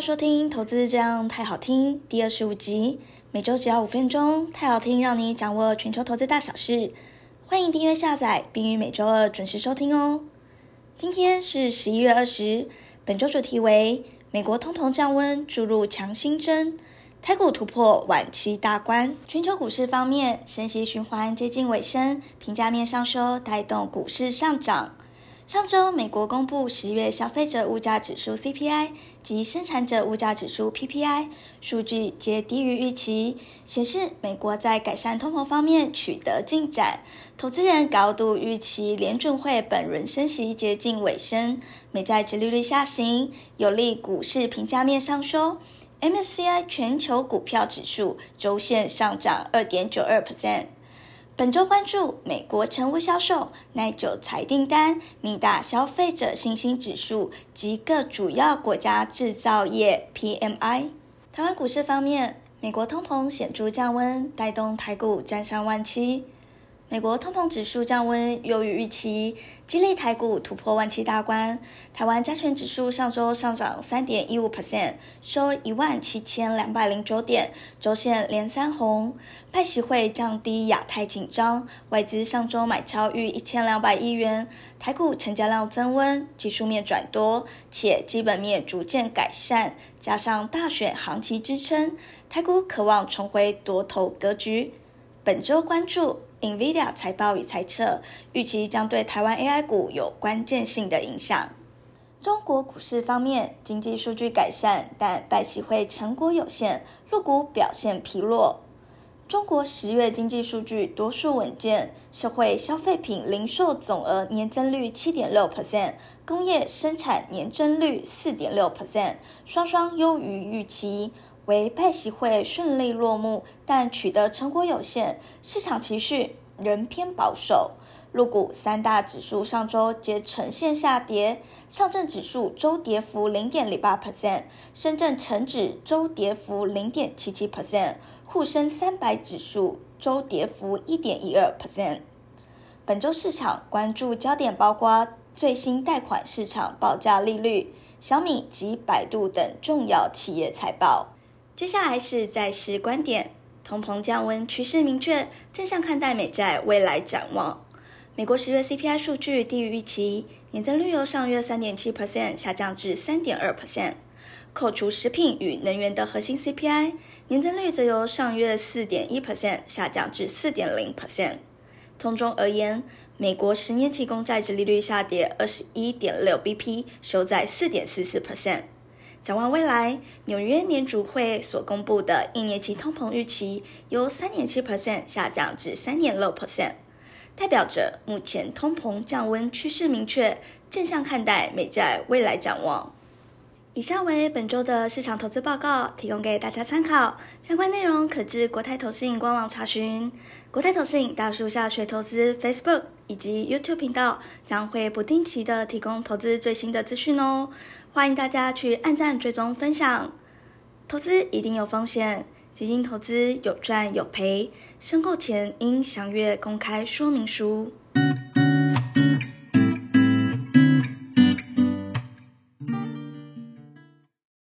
歡迎收聽《投資這樣太好聽》第二十五集，每週只要五分鐘，太好聽，讓你掌握全球投資大小事。歡迎訂閱下載，並於每週二準時收聽哦。今天是十一月二十，本週主題為美國通膨降溫注入強心針，台股突破萬七大關。全球股市方面，升息循環接近尾聲，評價面上修帶動股市上漲。上週，美國公佈十月消費者物價指數 CPI 及生產者物價指數 PPI 數據，皆低於預期，顯示美國在改善通膨方面取得進展。投資人高度預期聯準會本輪升息接近尾聲，美債殖利率下行，有利股市評價面上升。MSCI 全球股票指數週線上漲2.92%。本週關注美國成屋銷售、耐久財訂單、密大消費者信心指數及各主要國家製造業 PMI。台灣股市方面，美國通膨顯著降溫，帶動台股站上萬七。美國通膨指數降溫優於預期，激勵台股突破萬七大關。台灣加權指數上周上漲三點一五 percent，收一萬七千兩百零九點，週線連三紅。拜習會降低亞太緊張，外資上周買超逾一千兩百億元，台股成交量增溫，技術面轉多，且基本面逐漸改善，加上大選行情支撐，台股渴望重回多頭格局。本周關注。Nvidia 財報與財測預期將對台灣 AI 股有關鍵性的影響。中國股市方面，經濟數據改善，但拜習會成果有限，陸股表現疲弱。中國十月經濟數據多數穩健，社會消費品零售總額年增率七點六 percent，工業生產年增率四點六 percent，雙雙優於預期。為拜習會順利落幕，但取得成果有限，市場情緒仍偏保守。陸股三大指數上周皆呈現下跌，上證指數周跌幅零點零八 percent，深圳成指周跌幅零點七七 percent，滬深三百指數周跌幅一點一二 percent。本周市場關注焦點包括最新貸款市場報價利率、小米及百度等重要企業財報。接下來是債市觀點，通膨降溫趨勢明確，正向看待美債未來展望。美國十月 CPI 數據低於預期，年增率由上月三點七 percent 下降至三點二 percent，扣除食品與能源的核心 CPI，年增率則由上月四點一 percent 下降至四點零 percent。通中而言，美國十年期公債殖利率下跌二十一點六 bp，收在四點四四 percent。展望未來，紐約聯準會所公布的一年期通膨預期由三點七 percent 下降至三點六 percent，代表着目前通膨降溫趨勢明確，正向看待美債未來展望。以上為本周的市場投資報告，提供給大家參考。相關內容可至國泰投信官網查詢。國泰投信大樹下學投資 Facebook 以及 YouTube 頻道，將會不定期的提供投資最新的資訊哦。歡迎大家去按讚、追蹤、分享。投資一定有風險，基金投資有賺有賠，申購前應詳閱公開說明書。